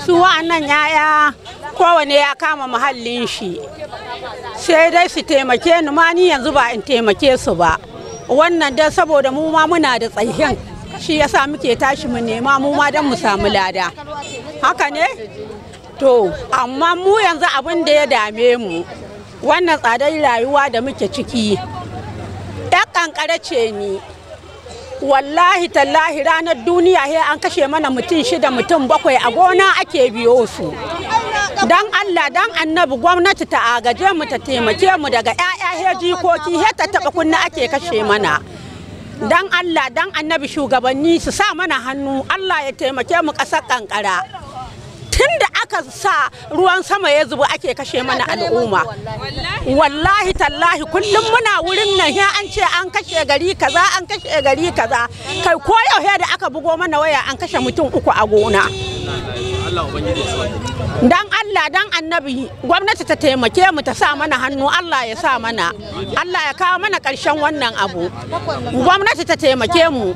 su wa'annan ya'ya kowane ya kama muhallin shi sai dai su taimake ni ma ni yanzu ba in taimake su ba wannan dai saboda mu ma muna da tsayin shi yasa muke tashi mu nema mu ma don mu samu lada haka ne to amma mu yanzu abin da ya dame mu wannan tsadar rayuwa da muke ciki ɗan ƙanƙara ce ni wallahi tallahi ranar duniya he an kashe mana mutum shida mutum bakwai a gona ake biyo su dan Allah dan annabi gwamnati ta agaje mu ta taimake mu daga 'ya'ya he jikoki he ta taba kunna ake kashe mana dan Allah dan annabi shugabanni su sa mana hannu Allah ya taimake mu ƙasar kankara tun da aka sa ruwan sama ya zuba ake kashe mana al'umma wallahi tallahi kullum muna wurin nan ya an ce an kashe gari kaza an kashe gari kaza kai ko yau da aka bugo mana waya an kashe mutum uku a gona dan Allah dan annabi gwamnati ta taimake mu ta sa mana hannu Allah ya sa mana Allah ya kawo mana karshen wannan abu gwamnati ta taimake mu